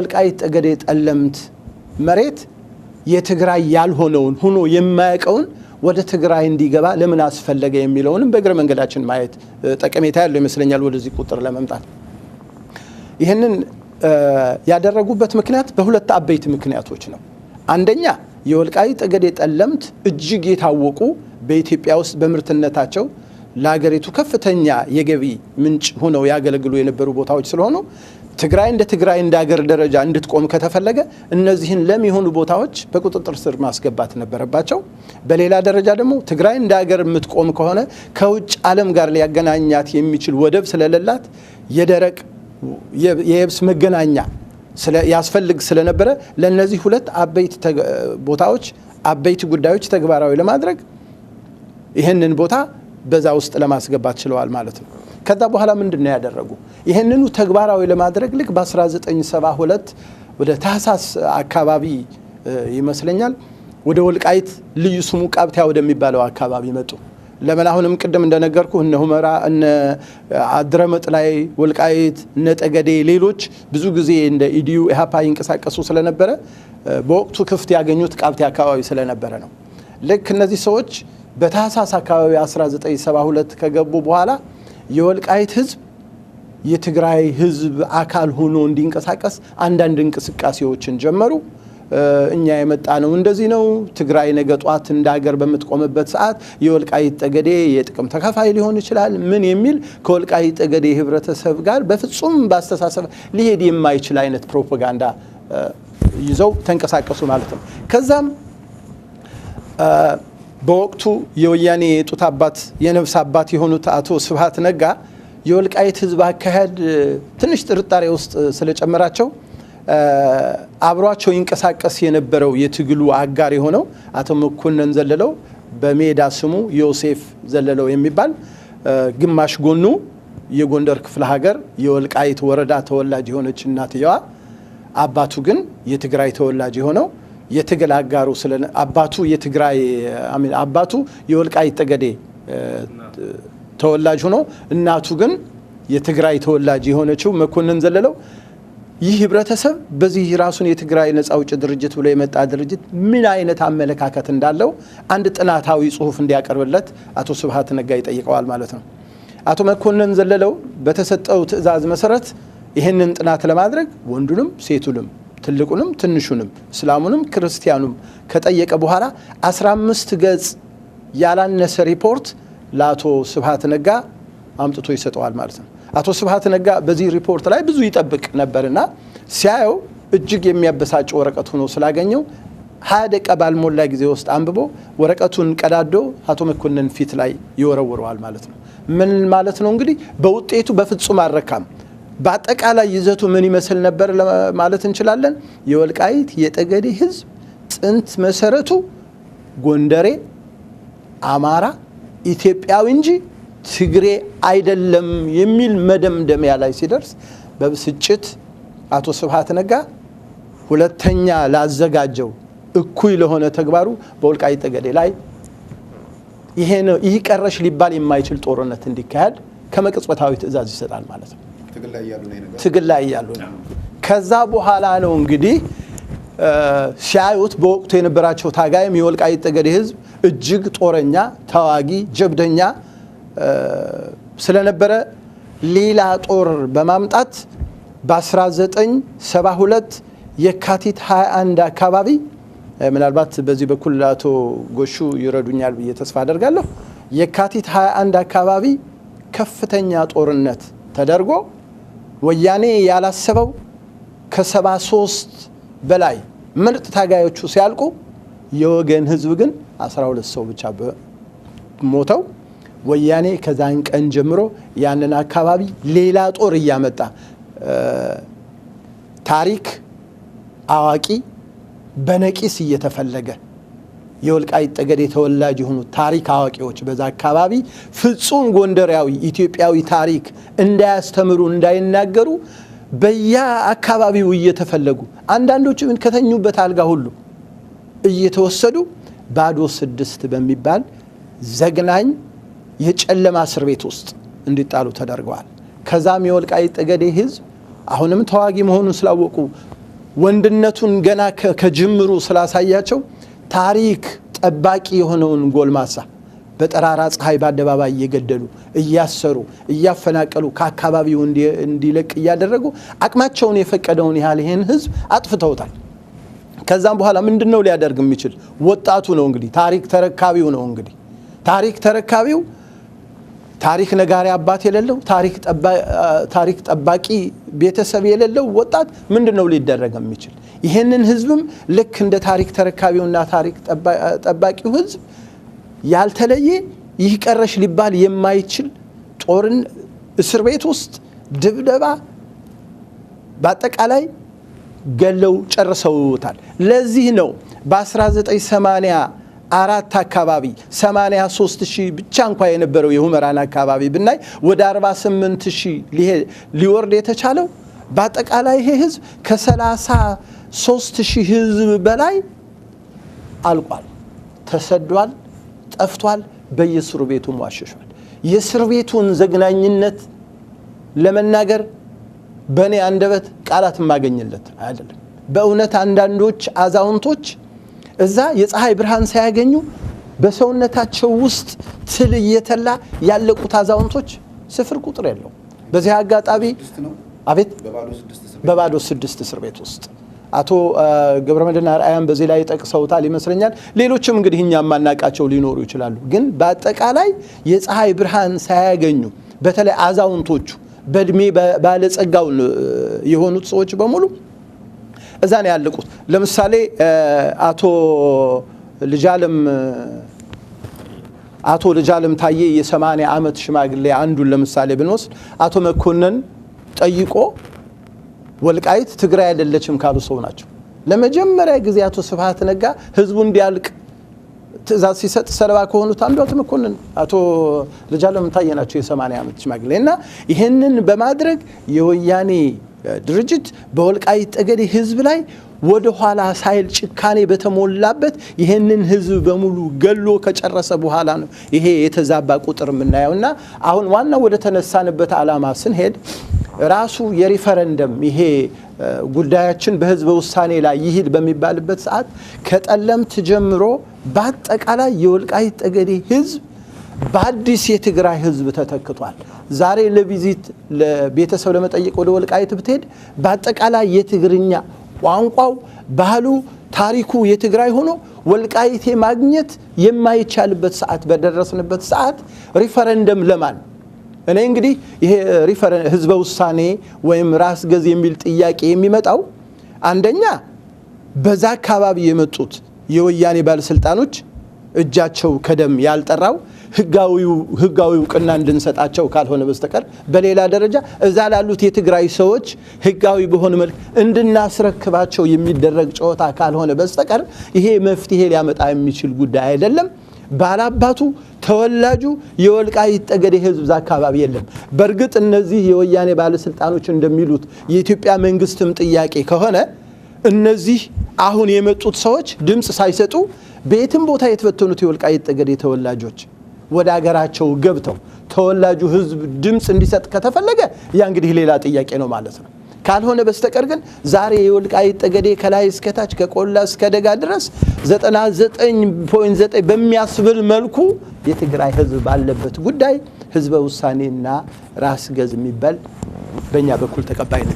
ወልቃይት ጠገዴ ጠለምት መሬት የትግራይ ያልሆነውን ሆኖ የማያውቀውን ወደ ትግራይ እንዲገባ ለምን አስፈለገ የሚለውንም በእግረ መንገዳችን ማየት ጠቀሜታ ያለው ይመስለኛል። ወደዚህ ቁጥር ለመምጣት ይህንን ያደረጉበት ምክንያት በሁለት አበይት ምክንያቶች ነው። አንደኛ የወልቃይት ጠገዴ ጠለምት እጅግ የታወቁ በኢትዮጵያ ውስጥ በምርትነታቸው ለሀገሪቱ ከፍተኛ የገቢ ምንጭ ሆነው ያገለግሉ የነበሩ ቦታዎች ስለሆኑ ትግራይ እንደ ትግራይ እንደ አገር ደረጃ እንድትቆም ከተፈለገ እነዚህን ለሚሆኑ ቦታዎች በቁጥጥር ስር ማስገባት ነበረባቸው። በሌላ ደረጃ ደግሞ ትግራይ እንደ አገር የምትቆም ከሆነ ከውጭ ዓለም ጋር ሊያገናኛት የሚችል ወደብ ስለሌላት የደረቅ የየብስ መገናኛ ያስፈልግ ስለነበረ ለእነዚህ ሁለት አበይት ቦታዎች አበይት ጉዳዮች ተግባራዊ ለማድረግ ይህንን ቦታ በዛ ውስጥ ለማስገባት ችለዋል ማለት ነው። ከዛ በኋላ ምንድን ነው ያደረጉ? ይህንኑ ተግባራዊ ለማድረግ ልክ በ1972 ወደ ታህሳስ አካባቢ ይመስለኛል ወደ ወልቃይት ልዩ ስሙ ቃብቲያ ወደሚባለው አካባቢ መጡ። ለምን አሁንም ቅድም እንደነገርኩ እነ ሁመራ እነ አድረመጥ ላይ ወልቃይት እነ ጠገዴ ሌሎች ብዙ ጊዜ እንደ ኢዲዩ ኢህአፓ ይንቀሳቀሱ ስለነበረ በወቅቱ ክፍት ያገኙት ቃብቴ አካባቢ ስለነበረ ነው። ልክ እነዚህ ሰዎች በታህሳስ አካባቢ 1972 ከገቡ በኋላ የወልቃይት ህዝብ የትግራይ ህዝብ አካል ሆኖ እንዲንቀሳቀስ አንዳንድ እንቅስቃሴዎችን ጀመሩ። እኛ የመጣ ነው እንደዚህ ነው፣ ትግራይ ነገ ጧት እንደ ሀገር በምትቆምበት ሰዓት የወልቃይት ጠገዴ የጥቅም ተካፋይ ሊሆን ይችላል፣ ምን የሚል ከወልቃይት ጠገዴ ህብረተሰብ ጋር በፍጹም በአስተሳሰብ ሊሄድ የማይችል አይነት ፕሮፓጋንዳ ይዘው ተንቀሳቀሱ ማለት ነው። ከዛም በወቅቱ የወያኔ የጡት አባት የነፍስ አባት የሆኑት አቶ ስብሀት ነጋ የወልቃይት ህዝብ አካሄድ ትንሽ ጥርጣሬ ውስጥ ስለጨመራቸው አብሯቸው ይንቀሳቀስ የነበረው የትግሉ አጋር የሆነው አቶ መኮንን ዘለለው በሜዳ ስሙ ዮሴፍ ዘለለው የሚባል ግማሽ ጎኑ የጎንደር ክፍለ ሀገር የወልቃይት ወረዳ ተወላጅ የሆነች እናትየዋ አባቱ ግን የትግራይ ተወላጅ የሆነው የትግል አጋሩ አባቱ የትግራይ አባቱ የወልቃይት ጠገዴ ተወላጅ ሆኖ እናቱ ግን የትግራይ ተወላጅ የሆነችው መኮንን ዘለለው ይህ ህብረተሰብ በዚህ ራሱን የትግራይ ነፃ አውጪ ድርጅት ብሎ የመጣ ድርጅት ምን አይነት አመለካከት እንዳለው አንድ ጥናታዊ ጽሁፍ እንዲያቀርብለት አቶ ስብሀት ነጋ ይጠይቀዋል ማለት ነው። አቶ መኮንን ዘለለው በተሰጠው ትዕዛዝ መሰረት ይህንን ጥናት ለማድረግ ወንዱንም ሴቱንም ትልቁንም ትንሹንም እስላሙንም ክርስቲያኑም ከጠየቀ በኋላ 15 ገጽ ያላነሰ ሪፖርት ለአቶ ስብሀት ነጋ አምጥቶ ይሰጠዋል ማለት ነው። አቶ ስብሀት ነጋ በዚህ ሪፖርት ላይ ብዙ ይጠብቅ ነበርና ሲያየው እጅግ የሚያበሳጭ ወረቀት ሆኖ ስላገኘው ሀያ ደቀ ባልሞላ ጊዜ ውስጥ አንብቦ ወረቀቱን ቀዳዶ አቶ መኮንን ፊት ላይ ይወረውረዋል ማለት ነው። ምን ማለት ነው እንግዲህ በውጤቱ በፍጹም አልረካም። በአጠቃላይ ይዘቱ ምን ይመስል ነበር ማለት እንችላለን። የወልቃይት የጠገዴ ህዝብ ጥንት መሰረቱ ጎንደሬ፣ አማራ፣ ኢትዮጵያዊ እንጂ ትግሬ አይደለም የሚል መደምደሚያ ላይ ሲደርስ በብስጭት አቶ ስብሃት ነጋ ሁለተኛ ላዘጋጀው እኩይ ለሆነ ተግባሩ በወልቃይት ጠገዴ ላይ ይሄ ነው ይህ ቀረሽ ሊባል የማይችል ጦርነት እንዲካሄድ ከመቅጽበታዊ ትዕዛዝ ይሰጣል ማለት ነው። ትግል ላይ እያሉ ነው። ከዛ በኋላ ነው እንግዲህ ሲያዩት በወቅቱ የነበራቸው ታጋይም የወልቃይት ጠገዴ ህዝብ እጅግ ጦረኛ፣ ተዋጊ፣ ጀብደኛ ስለነበረ ሌላ ጦር በማምጣት በ1972 የካቲት 21 አካባቢ ምናልባት በዚህ በኩል አቶ ጎሹ ይረዱኛል ብዬ ተስፋ አደርጋለሁ። የካቲት 21 አካባቢ ከፍተኛ ጦርነት ተደርጎ ወያኔ ያላሰበው ከሰባ ሶስት በላይ ምርጥ ታጋዮቹ ሲያልቁ የወገን ህዝብ ግን 12 ሰው ብቻ ሞተው ወያኔ ከዛን ቀን ጀምሮ ያንን አካባቢ ሌላ ጦር እያመጣ ታሪክ አዋቂ በነቂስ እየተፈለገ የወልቃይት ጠገዴ ተወላጅ የሆኑ ታሪክ አዋቂዎች በዛ አካባቢ ፍጹም ጎንደሪያዊ ኢትዮጵያዊ ታሪክ እንዳያስተምሩ እንዳይናገሩ አካባቢው እየተፈለጉ አንዳንዶቹ ከተኙበት አልጋ ሁሉ እየተወሰዱ ባዶ ስድስት በሚባል ዘግናኝ የጨለማ እስር ቤት ውስጥ እንዲጣሉ ተደርገዋል። ከዛም የወልቃይ ጠገዴ ህዝብ አሁንም ተዋጊ መሆኑን ስላወቁ ወንድነቱን ገና ከጅምሩ ስላሳያቸው ታሪክ ጠባቂ የሆነውን ጎልማሳ በጠራራ ፀሐይ በአደባባይ እየገደሉ እያሰሩ እያፈናቀሉ ከአካባቢው እንዲለቅ እያደረጉ አቅማቸውን የፈቀደውን ያህል ይህን ህዝብ አጥፍተውታል። ከዛም በኋላ ምንድን ነው ሊያደርግ የሚችል? ወጣቱ ነው እንግዲህ ታሪክ ተረካቢው ነው እንግዲህ ታሪክ ተረካቢው ታሪክ ነጋሪ አባት የሌለው ታሪክ ጠባቂ ቤተሰብ የሌለው ወጣት ምንድን ነው ሊደረግ የሚችል? ይህንን ህዝብም ልክ እንደ ታሪክ ተረካቢውና ታሪክ ጠባቂው ህዝብ ያልተለየ ይህ ቀረሽ ሊባል የማይችል ጦርን፣ እስር ቤት ውስጥ ድብደባ፣ በአጠቃላይ ገለው ጨርሰውታል። ለዚህ ነው በ1980 አራት አካባቢ 83 ሺህ ብቻ እንኳ የነበረው የሁመራን አካባቢ ብናይ ወደ 48 ሺህ ሊወርድ የተቻለው በአጠቃላይ ይሄ ህዝብ ከ33 ሺህ ህዝብ በላይ አልቋል፣ ተሰዷል፣ ጠፍቷል፣ በየስሩ ቤቱ ዋሸሿል። የእስር ቤቱን ዘግናኝነት ለመናገር በእኔ አንደበት ቃላት የማገኝለት አይደለም። በእውነት አንዳንዶች አዛውንቶች እዛ የፀሐይ ብርሃን ሳያገኙ በሰውነታቸው ውስጥ ትል እየተላ ያለቁት አዛውንቶች ስፍር ቁጥር የለው። በዚህ አጋጣሚ አቤት በባዶ ስድስት እስር ቤት ውስጥ አቶ ገብረመድና አርአያን በዚህ ላይ ጠቅሰውታል ይመስለኛል። ሌሎችም እንግዲህ እኛ ማናቃቸው ሊኖሩ ይችላሉ። ግን በአጠቃላይ የፀሐይ ብርሃን ሳያገኙ በተለይ አዛውንቶቹ በእድሜ ባለጸጋውን የሆኑት ሰዎች በሙሉ እዛ ነው ያለቁት። ለምሳሌ አቶ ልጃለም አቶ ልጃለም ታዬ የሰማንያ ዓመት ሽማግሌ አንዱን ለምሳሌ ብንወስድ አቶ መኮንን ጠይቆ ወልቃይት ትግራይ አይደለችም ካሉ ሰው ናቸው። ለመጀመሪያ ጊዜ አቶ ስብሃት ነጋ ህዝቡ እንዲያልቅ ትእዛዝ ሲሰጥ ሰለባ ከሆኑት አንዱ አቶ መኮንን አቶ ልጃለም ታዬ ናቸው፣ የሰማንያ ዓመት ሽማግሌ እና ይህንን በማድረግ የወያኔ ድርጅት በወልቃይት ጠገዴ ህዝብ ላይ ወደ ኋላ ሳይል ጭካኔ በተሞላበት ይህንን ህዝብ በሙሉ ገሎ ከጨረሰ በኋላ ነው ይሄ የተዛባ ቁጥር የምናየው። እና አሁን ዋናው ወደ ተነሳንበት አላማ ስንሄድ ራሱ የሪፈረንደም ይሄ ጉዳያችን በህዝበ ውሳኔ ላይ ይሂድ በሚባልበት ሰዓት ከጠለምት ጀምሮ በአጠቃላይ የወልቃይት ጠገዴ ህዝብ በአዲስ የትግራይ ህዝብ ተተክቷል። ዛሬ ለቪዚት ለቤተሰብ ለመጠየቅ ወደ ወልቃይት ብትሄድ በአጠቃላይ የትግርኛ ቋንቋው፣ ባህሉ፣ ታሪኩ የትግራይ ሆኖ ወልቃይቴ ማግኘት የማይቻልበት ሰዓት በደረስንበት ሰዓት ሪፈረንደም ለማን እኔ እንግዲህ ይሄ ህዝበ ውሳኔ ወይም ራስ ገዝ የሚል ጥያቄ የሚመጣው አንደኛ በዛ አካባቢ የመጡት የወያኔ ባለስልጣኖች እጃቸው ከደም ያልጠራው ህጋዊ እውቅና እንድንሰጣቸው ካልሆነ በስተቀር በሌላ ደረጃ እዛ ላሉት የትግራይ ሰዎች ህጋዊ በሆነ መልክ እንድናስረክባቸው የሚደረግ ጨዋታ ካልሆነ በስተቀር ይሄ መፍትሄ ሊያመጣ የሚችል ጉዳይ አይደለም። ባላባቱ ተወላጁ የወልቃ ጠገዴ የህዝብ ዛ አካባቢ የለም። በእርግጥ እነዚህ የወያኔ ባለስልጣኖች እንደሚሉት የኢትዮጵያ መንግስትም ጥያቄ ከሆነ እነዚህ አሁን የመጡት ሰዎች ድምፅ ሳይሰጡ በየትም ቦታ የተበተኑት የወልቃይት ጠገዴ ተወላጆች ወደ አገራቸው ገብተው ተወላጁ ህዝብ ድምፅ እንዲሰጥ ከተፈለገ ያ እንግዲህ ሌላ ጥያቄ ነው ማለት ነው። ካልሆነ በስተቀር ግን ዛሬ የወልቃይ ጠገዴ ከላይ እስከታች ከቆላ እስከ ደጋ ድረስ 99.9 በሚያስብል መልኩ የትግራይ ህዝብ ባለበት ጉዳይ ህዝበ ውሳኔና ራስ ገዝ የሚባል በእኛ በኩል ተቀባይነት